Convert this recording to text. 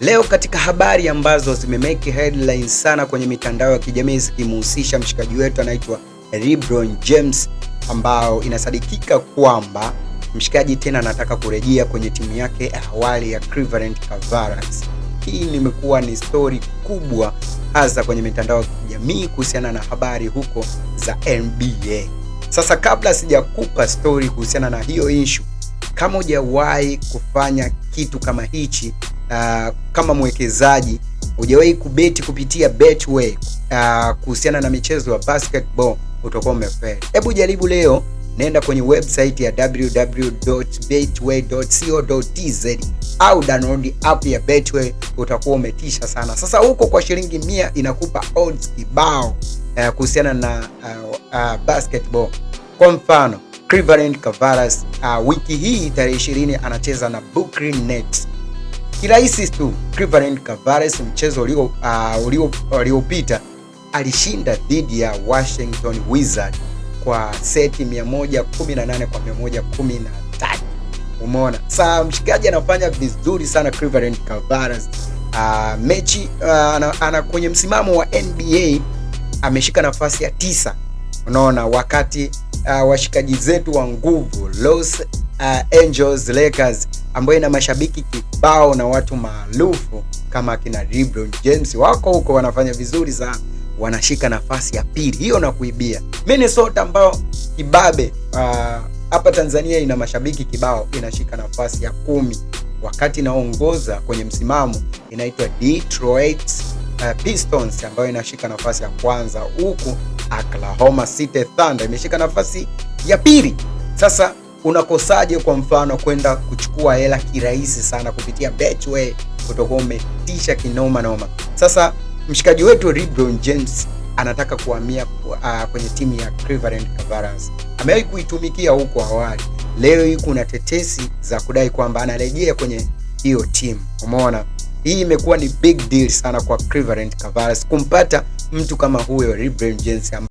Leo katika habari ambazo zimemake headline sana kwenye mitandao ya kijamii zikimhusisha mshikaji wetu anaitwa LeBron James, ambao inasadikika kwamba mshikaji tena anataka kurejea kwenye timu yake awali ya Cleveland Cavaliers. Hii nimekuwa ni stori kubwa hasa kwenye mitandao ya kijamii kuhusiana na habari huko za NBA. Sasa kabla sijakupa stori kuhusiana na hiyo issue, kama hujawahi kufanya kitu kama hichi uh, kama mwekezaji hujawahi kubeti kupitia Betway uh, kuhusiana na michezo ya basketball utakuwa umefeli. Hebu jaribu leo, nenda kwenye website ya www.betway.co.tz au download app ya Betway, utakuwa umetisha sana. Sasa huko kwa shilingi mia inakupa odds kibao uh, kuhusiana na uh, uh, basketball. Kwa mfano Cleveland Cavaliers uh, wiki hii tarehe 20 anacheza na Brooklyn Nets kirahisi tu. Cleveland Cavaliers mchezo ah, uliopita uh, alishinda dhidi ya Washington Wizards kwa seti 118 kwa 113. Umeona saa mshikaji anafanya vizuri sana Cleveland Cavaliers uh, mechi uh, ana, ana kwenye msimamo wa NBA ameshika nafasi ya tisa, unaona wakati uh, washikaji zetu wa nguvu Los uh, Angeles Lakers ambayo ina mashabiki vibao na watu maarufu kama akina LeBron James wako huko wanafanya vizuri sana, wanashika nafasi ya pili hiyo na kuibia Minnesota ambao kibabe ah, hapa uh, Tanzania ina mashabiki kibao, inashika nafasi ya kumi wakati inaongoza kwenye msimamo inaitwa Detroit uh, Pistons ambayo inashika nafasi ya kwanza, huku Oklahoma City Thunder imeshika nafasi ya pili sasa unakosaje kwa mfano kwenda kuchukua hela kirahisi sana kupitia Betway kutokuwa umetisha kinoma noma. Sasa mshikaji wetu LeBron James anataka kuhamia uh, kwenye timu ya Cleveland Cavaliers. Amewahi kuitumikia huko awali. Leo hii kuna tetesi za kudai kwamba anarejea kwenye hiyo timu. Umeona? Hii imekuwa ni big deal sana kwa Cleveland Cavaliers kumpata mtu kama huyo LeBron James